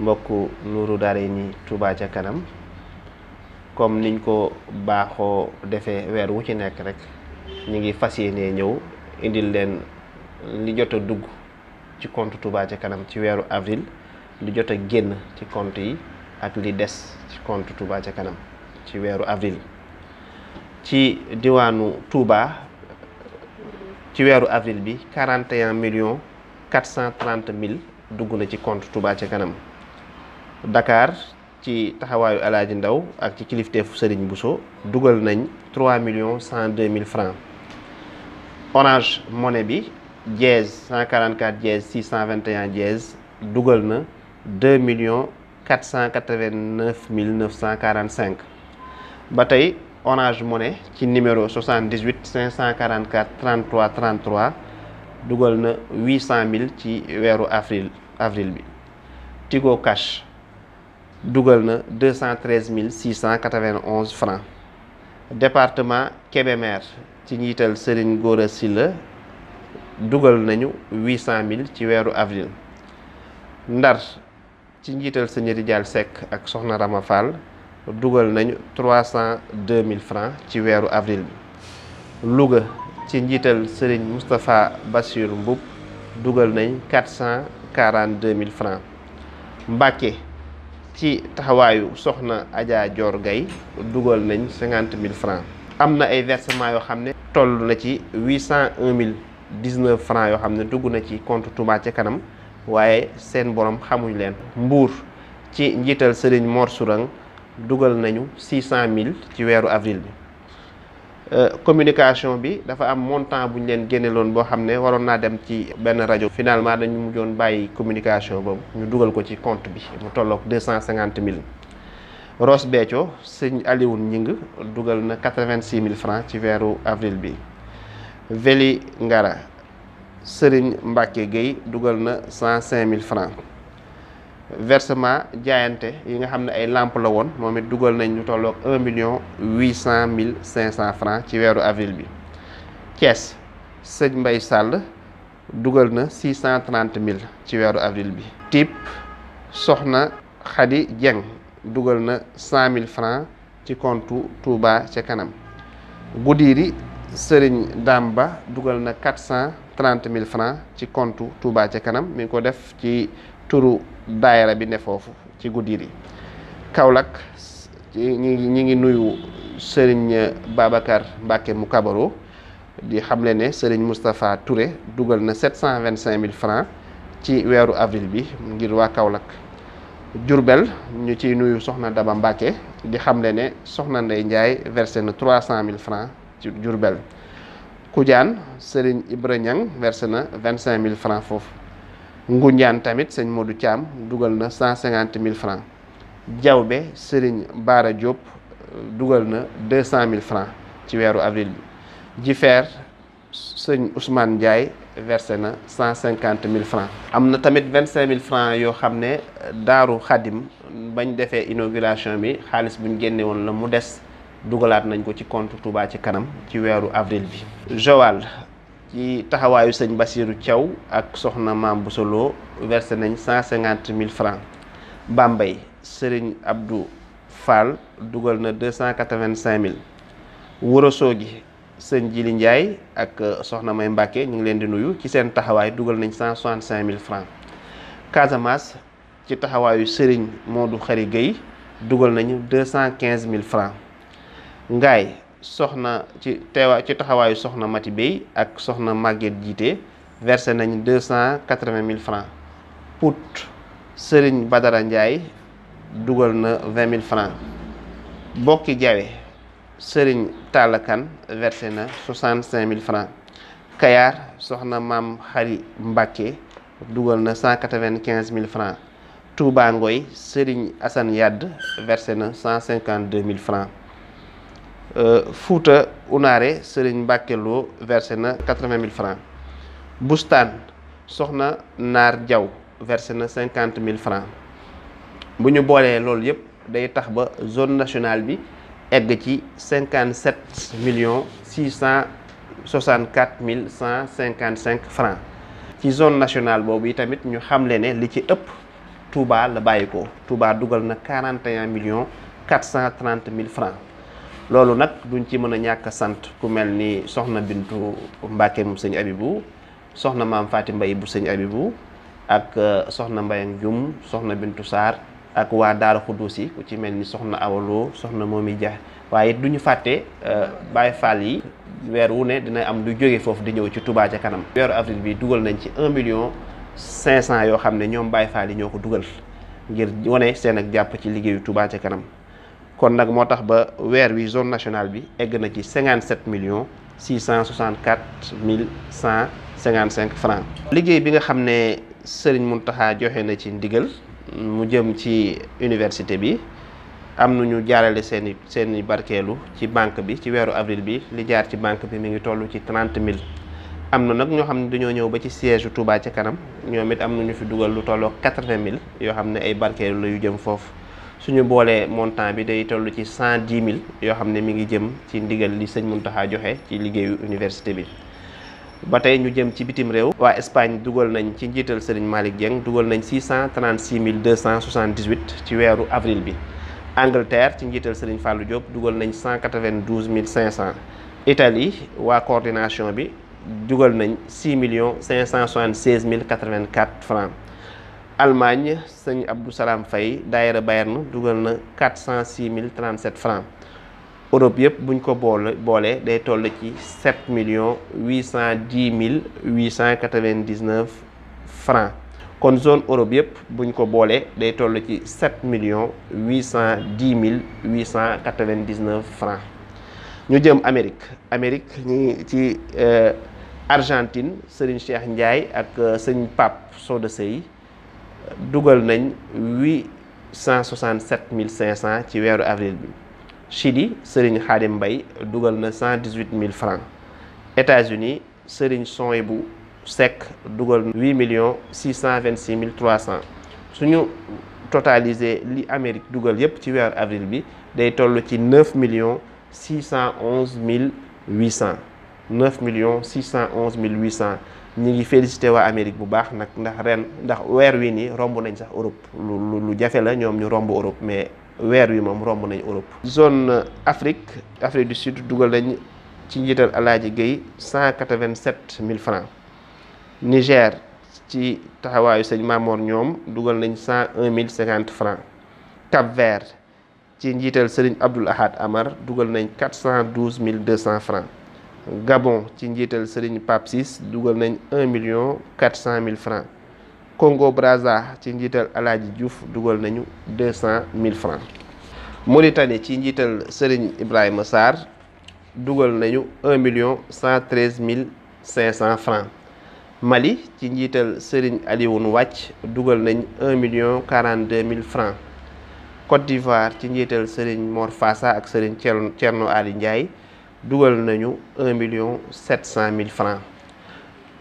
mbokk mbokku nuuru ni Touba ca kanam comme niñ ko baaxoo defee weer wu ci nekk rek ñu ngi fas yéenee ñëw indil leen li jot a dugg ci compte Touba ca kanam ci weeru avril li jot a génn ci compte yi ak li des ci compte Touba ca kanam ci weeru avril ci diwaanu Touba ci weeru avril bi 41 millions 430 mille dugg na ci compte Touba ca kanam Dakar ci taxawaayu Alaaji Ndaw ak ci fu Serigne Bousso dugal nañ 3 millions 102 mille francs Orange Money bi dièse 144 dièse 621 dièse dugal na 2 millions 489 mille 945 ba tey Orange Money ci numéro 78 544 33 33 dugal na 800 mille ci weeru avril avril bi Tigo Cash dugal na deux cent treize mille six cent quatre vingt onze francs département Kébémer ci njiital Serigne Gora Sylla dugal nañu huit cent mille ci weeru avril Ndar ci njiital Serigne Ridial Seck ak Soxna ramafal Fall dugal nañu trois cent deux ci weeru avril bi Louga ci njiital Serigne Moustapha Bassirou Mboub dugal nañ quatre cent quarante deux mille francs Mbacké ci taxawaayu soxna Adja Dior Gaye dugal nañ cinquante mille francs am na ay versement yoo xam ne toll na ci huit cent un mille dix neuf francs yoo xam ne dugg na ci compte Touba ca kanam waaye seen borom xamuñ leen mbuur ci njiital Serigne Mor Sourang dugal nañu six cent mille ci weeru avril bi Euh, communication bi dafa am montant bu ñu leen génneloon boo xam ne waroon naa dem ci benn rajo. finalement dañu mujjoon bàyyi communication boobu ñu dugal ko ci compte bi mu tolloog deux cent cinquante mille. Ross Béthio sëñ Alioune Ñing dugal na quatre vingt six mille francs ci weeru avril bi. Veli Ngara sëriñ Mbacke Gueye dugal na cent cinq mille francs. versement jaayante yi nga xam ne ay làmp la woon moom it dugal nañ lu tolloog 1 million 800 mille 500 francs ci weeru avril bi Thiès sëñ Mbay Sàll dugal na 630 mille ci weeru avril bi Typ soxna Xadi Jeng dugal na cent mille francs ci compte Touba ca kanam Goudiri Sëriñ ba dugal na cent 430 mille francs ci compte Touba ca kanam mi ngi ko def ci turu daayira bi ne foofu ci Goudiry Kaolack ñi ngi nuyu sëriñ Babacar Mbacke mu kabaro di xamle ne sëriñ Moustapha Touré dugal na sept cent vingt cinq mille francs ci weeru avril bi ngir waa Kaolack Diourbel ñu ciy nuyu soxna Daba Mbacke di xamle ne soxna Ndey Ndiaye versé na trois cent mille francs ci Diourbel Kujaan sëriñ Ibra Niang versé na vingt cinq mille francs foofu Ngunjaan tamit sëñ Modou Thiam dugal na cent cinquante mille francs Jawbe Serigne Baara Diop euh, dugal na deux cent mille francs ci weeru avril bi Jifeer sëñ Ousmane Ndiaye versé na cent cinquante mille francs am na tamit vingt cinq mille francs yoo xam ne euh, Daaru Xadim bañ defee inauguration bi xaalis buñ génne woon la mu des dugalaat nañ ko ci compte Touba ci kanam ci weeru avril bi Joal ci taxawaayu sëñ Basiiru Thiaw ak soxna maam Boussolo versé nañ cent cinquante mille francs Bambey Serigne Abdou Fall dugal na deux cent quatre cinq mille Woroso gi sëñ Jili Ndiaye ak euh, soxna May Mbàkke ñu ngi leen di nuyu ci seen taxawaay dugal nañ cent soixante cinq mille francs ci taxawaayu moo du Khary Gueye dugal nañu deux cent quinze mille francs Ngaye soxna ci teewa ci taxawaayu soxna Mati Bey ak soxna Maguette Jiite versé nañ deux cent quatre-vingt mille francs Pout Serigne Badara Ndiaye dugal na vingt mille francs Bokki Jawe seriñ Talakan verse na soixante-cinq mille francs Kayar soxna Maam Xari Mbacke dugal na cent quatre-vingt-quinze mille francs Touba Ngoy Serigne Assane Yadd versé na cent cinquante-deux mille francs Euh, Fouta Unaare Serigne Mbacke Lo versé na quatre-vingt mille francs Bustaan Soxna Naar Jaw versé na cinquante mille francs bu ñu boolee loolu yëpp day tax ba zone nationale bi egg ci cinquante sept millions six cent soixante quatre mille cent cinquante cinq francs ci zone nationale boobu yi tamit ñu xamle ne li ci ëpp Touba la bàyyi ko Touba dugal na quarante et un millions cent trente mille francs loolu nag duñ ci mën a ñàkk sant ku mel ni soxna Bintu Mbàkke mu sëñ Abibu soxna maam Faati Mbay bu sëñ Abibu ak euh, soxna Mbayang Jum soxna Bintu Saar ak waa Daara Xuduus yi ku ci mel ni soxna Awalo soxna Momi Dia waaye du ñu fàtte euh, Baay Faal yi weer wu ne dina am lu jóge foofu di ñëw ci tubaa ca kanam. weeru avril bi dugal nañ ci un million 500 yoo xam ne ñoom Baay Faal yi ñoo ko dugal ngir wane seen ak jàpp ci liggéeyu tubaa ca kanam. kon nag moo tax ba weer wi zone nationale bi egg na ci 57 millions 664 mille 155 francs liggéey bi nga xam ne mun Mountakha joxe na ci ndigal mu jëm ci université bi am na ñu jaarale seen i seen i barkeelu ci banque bi ci weeru avril bi li jaar ci banque bi mi ngi toll ci 30 mille am na nag ñoo xam ne dañoo ñëw ba ci siège Touba ca kanam ñoom it am na ñu fi dugal lu tolloo 80 mille yoo xam ne ay barkeelu la yu jëm foofu. suñu boolee montant bi day tollu ci cent dix mille yoo xam ne mi ngi jëm ci ndigal li sëñ Muntaxa joxe ci liggéeyu université bi ba tey ñu jëm ci bitim réew waa Espagne dugal nañ ci njiital sëriñ Malick Dieng dugal nañ six cent trente six mille deux cent soixante dix ci weeru avril bi Angleterre ci njiital sëriñ Fallou Diop dugal nañ cent quatre vingt mille cinq cent Italie waa coordination bi dugal nañ six millions cinq cent soixante seize mille quatre vingt Allemagne sëñ Abdou Salam Faye daayira Bayern dugal na 406 mille 37 francs Europe yëpp buñ ko boole boolee day toll ci 7 millions 810 mille 899 francs kon zone Europe yëpp buñ ko boolee day toll ci 7 millions 810 mille 899 francs ñu jëm Amérique Amérique ñi ci euh, Argentine Serigne Cheikh Ndiaye ak euh, sëñ Pape Soda Sey dugal nañ huit cent soixante sept mille cinq cent ci weeru avril bi Chili Serigne Khadim mbay dugal na cent dix huit mille francs États-Unis Serigne Sohaibou Seck dugal na huit millions six cent vingt six mille trois cent suñu totaliser li Amérique dugal yépp ci weeru avril bi day toll ci neuf millions six cent onze mille huit cent 9 millions 611 mille 800 ñu ngi félicité waa Amérique bu baax nag ndax ren ndax weer wi nii romb nañ sax Europe lu lu jafe la ñoom ñu romb Europe mais weer wi moom romb nañ Europe. zone euh, Afrique Afrique du Sud dugal nañ ci njiital Alaaji Guèye 187 mille francs Niger ci taxawaayu sëñ Mamor ñoom dugal nañ 101 mille 50 francs Cap Vert ci njiital Serigne Abdoul Ahad Amar dugal nañ 412 mille 200 francs. Gabon ci njiital Serigne Pape Ciss dugal nañ un million quatre cent mille francs Congo Brazza ci njiital El Hadj Diouf dugal nañu deux cent mille francs Mauritanie ci njiital Serigne Ibrahima Sarr dugal nañu un million cent treize mille cinq cent francs Mali ci njiital Serigne Alioune Wàcc dugal nañ un million quarante deux mille francs Côte d'Ivoire ci njiital Serigne Mor Fassa ak Serigne Thierno Thierno Ndiaye. dugal nañu un million sept cent mille francs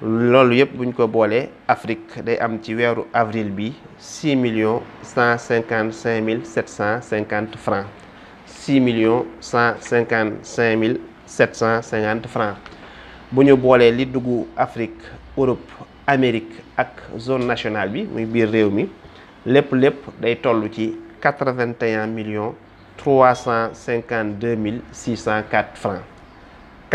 loolu yëpp buñ ko boolee Afrique day am ci weeru avril bi six millions cent cinquante cinq mille sept cent cinquante francs six millions cent cinquante cinq mille sept cent cinquante francs bu ñu boolee li dugg Afrique Europe Amérique ak zone nationale bi muy biir réew mi lépp lépp day toll ci quatre vingt et trois cent cinquante deux mille six cent quatre francs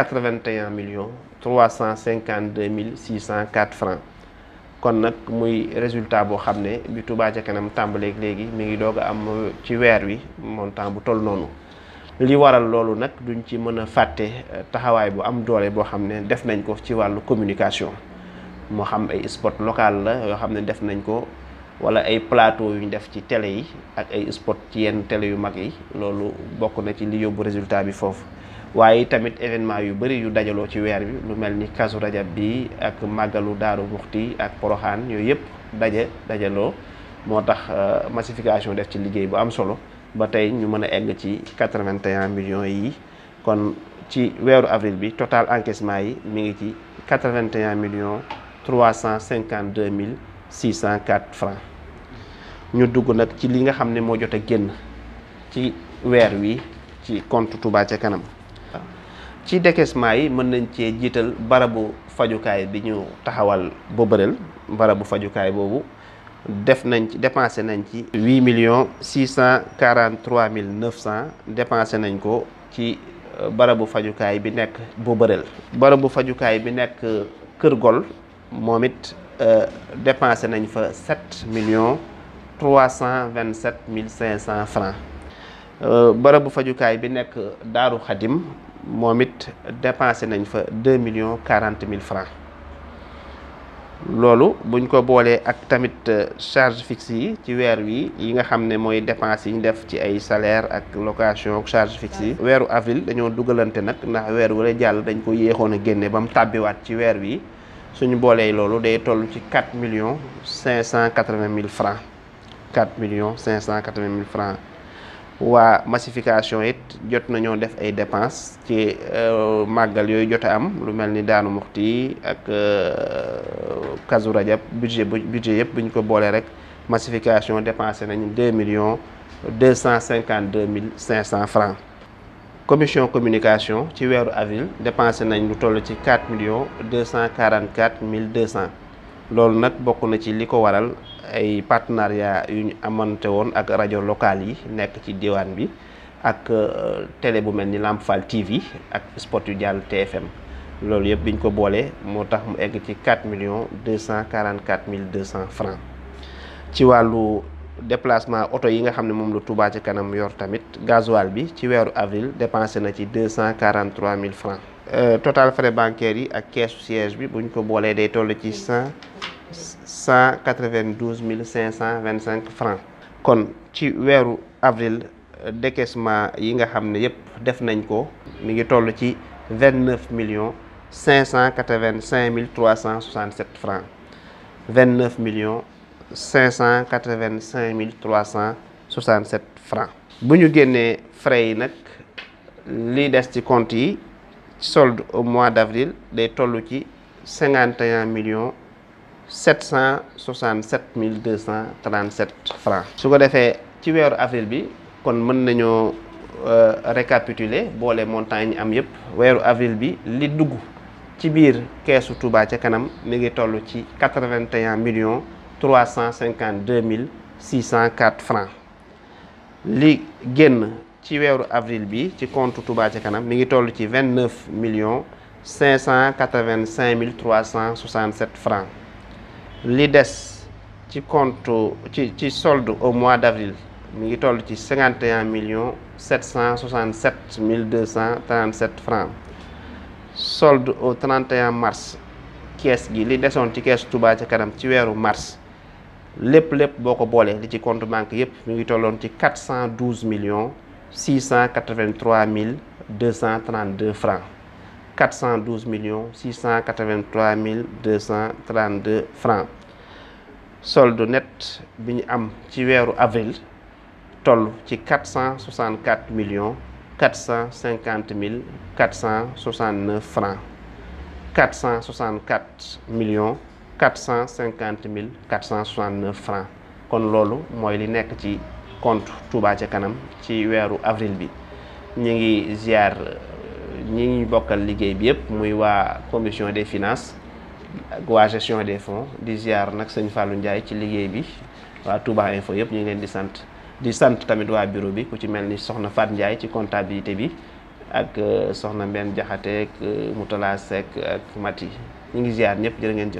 81 millions 352 mille 604 francs kon nag muy résultat boo xam ne bi Touba ca kanam tàmbaleeg léegi mu ngi doog a am ci weer wi montant bu toll noonu li waral loolu nag duñ ci mën a fàtte euh, taxawaay bu am doole boo xam ne def nañ ko ci wàllu communication moo xam ay spot locale la yoo xam ne def nañ ko wala ay plateau yu ñu def ci télé yi ak ay spot ci yenn télé yu mag yi loolu bokk na ci li yóbbu résultat bi foofu waaye tamit événement yu bëri yu dajaloo ci weer wi lu mel ni kasu rajab bi ak màggalu daaru muxti ak poroxaan yooyu yëpp daje dajaloo moo tax euh, massification def ci liggéey bu am solo ba tey ñu mën a egg ci 81 millions yi kon ci weeru avril bi total encaissement yi mi ngi ci 81 millions 352 mille 604 francs ñu dugg nag ci li nga xam ne moo jot a génn ci weer wi ci compte Touba ca kanam ci décaissement yi mën nañ cee jiital barabu fajukaay bi ñu taxawal ba bëreel barabu fajukaay boobu def nañ ci dépensé nañ ci huit millions six cent quarante trois mille neuf cent nañ ko ci euh, barabu fajukaay bi nekk bu bëreel barabu fajukaay bi nekk euh, Kër Gol moom it euh, dépensé nañ fa sept millions trois cent vingt sept mille cinq cent francs barabu fajukaay bi nekk Daaru Xadim moom it dépensé nañ fa deux millions quarante mille francs loolu buñ ko boolee ak tamit euh, charge fixe yi ci weer wii yi nga xam ne mooy dépense yi ñu def ci ay salaire ak location ak charge fixe yi weeru avril dañoo dugalante nag ndax weer wu la jàll dañ ko yéexoon a génne ba mu tàbbiwaat ci weer wi suñu boolee loolu day toll ci quatre millions cinq cent quatre-vingt mille francs quatre millions cinq cent quatre-vingt mille francs waa massification it jot nañoo def ay dépenses ci euh, màggal yooyu jot am lu mel ni daanu muxti yi ak euh, kazu rajab budget budget yëpp bu ñu ko boolee rek massification dépensé nañu deux millions deux cent cinquante deux mille cinq cent francs commission communication ci weeru avril dépensé nañ lu toll ci quatre millions deux cent quarante quatre mille deux cent loolu nag bokk na ci li ko waral ay partenariat yu ñu amante woon ak rajo locale yi nekk ci diwaan bi ak euh, télé bu mel ni Lamp Fall TV ak spot yu jàll TFM loolu bi ñu ko boolee moo tax mu egg ci 4 millions 244 mille 200 francs ci wàllu déplacement oto yi nga xam ne moom lu Touba ci kanam yor tamit gasoil bi ci weeru avril dépensé na ci 243 mille francs euh, total frais bancaires yi ak keesu siège bi buñ ko boolee day toll ci cent cent quatre-vingt-douze cinq cent vingt-cinq francs kon ci weeru avril euh, décaissement yi nga xam ne yëpp def nañ ko mi ngi toll ci vingt-neuf millions cinq cent quatre vingt mille trois cent soixante-sept francs vingt-neuf millions cinq cent quatre mille trois cent soixante-sept francs bu ñu génnee frais yi nag li des ci compte yi solde au mois d'avril day tollu ci cinquante et millions 767 237 francs su ko defee ci weeru avril bi kon mën nañoo euh, récapituler boole montant am yépp weeru avril bi li dugg ci biir keesu Touba ca kanam mi ngi toll ci 81 millions 352 mille 604 francs li génn ci weeru avril bi ci compte Touba ca kanam mi ngi toll ci 29 millions 585 mille 367 francs li des ci compte ci ci solde au mois d'avril mi ngi toll ci million 51 millions 767 mille deux cent 237 francs solde au 31 mars kees gi li desoon ci kees tubaa ci kanam ci weeru mars lépp lépp boo ko boolee li ci compte banque yépp mi ngi tolloon ci million cent 412 millions 683 mille 232 francs 412 millions 683 mille 232 francs solde net bi ñu am ci weeru avril toll ci 464 millions 450 mille 469 francs 464 millions 450 mille 469 francs kon loolu mooy li nekk ci compte Touba ca kanam ci weeru avril bi ñu ngi ziar ñi ñu bokkal liggéey bi yëpp muy waa commission des finances ak waa gestion des fonds di ziar nag sëñ Fallou Ndiaye ci liggéey bi waa Touba Info yëpp ñu ngi leen di sant di sant tamit waa bureau bi ku ci mel ni soxna Fat Ndiaye ci comptabilité bi ak euh, soxna Mbène Diakhaté ak euh, Moutala Seck ak yi ñu ngi ziar ñëpp jërë ngeen jëf